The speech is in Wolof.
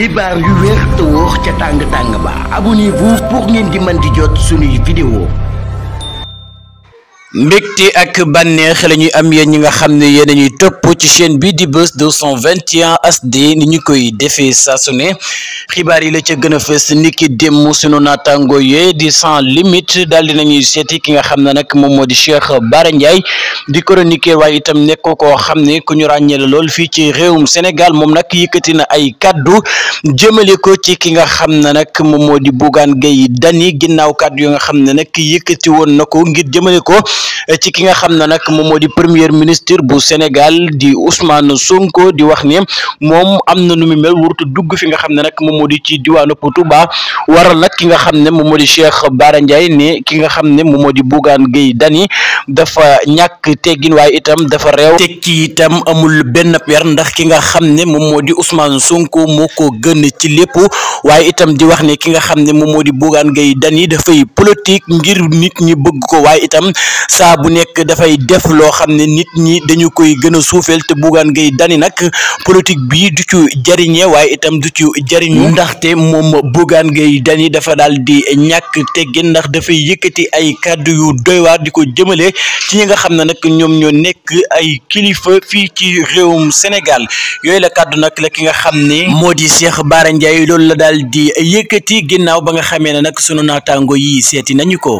xibaar yu wér te wóor ca tàng tàng ba abonnez-vous pour ngeen di mën di jot suñuy vidéo mbégte ak bànneex la ñuy am yéen ñi nga xam ne yéen a ñuy topp ci chaîne bii di Buzz 221 HD ni ñu koy defee saa xibaar yi la ca gën a fës niki démb sunu naataango yee di sant limite daal nañuy seeti ki nga xam ne nag moom moo di Cheikh Bara Ndiaye di chroniqueur waaye itam nekk koo xam ne ku ñu ràññee la lool fii ci réewum Sénégal moom nag yëkkati na ay kàddu jëmale ko ci ki nga xam ne nag moom moo di Bougane Gueye Dany ginnaaw kaddu yi nga xam ne nag yëkkati woon na ko ngir jëmale ko. ci ki nga xam ne nag moom moo di premier ministre bu Sénégal di Ousmane Sonko di wax ne moom am na nu mu mel wurtu dugg fi nga xam ne nag moom moo di ci diwaanu Touba waral nag ki nga xam ne moom moo di Cheikh Bara Ndiaye ne ki nga xam ne moom moo di Bougane Gueye Dany dafa ñàkk teggin waaye itam dafa réew tekki itam amul benn per ndax ki nga xam ne moom moo di Ousmane Sonko moo ko gën ci lépp waaye itam di wax ne ki nga xam ne moom moo di Bougane Gueye Dany dafay politique ngir nit ñi bëgg ko waaye itam saa bu nekk dafay def loo xam ne nit ñi dañu koy gën a suufeel te Bougane Gueye Dany nag politique bi du ci jariñe waaye itam du ci jariñu ndaxte moom Bougane Gueye Dany dafa daal di ñàkk teggin ndax dafay yëkkati ay kàddu yu doy di ko jëmale ci ñi nga xam ne nag ñoom ñoo nekk ay kilifa fii ci réewum Sénégal yooyu la kàddu nag la ki nga xam ne moo di Cheikh Bara Ndiaye loolu la daal di yëkkati ginnaaw ba nga xamee ne nag sunu naataango yi seeti nañu ko.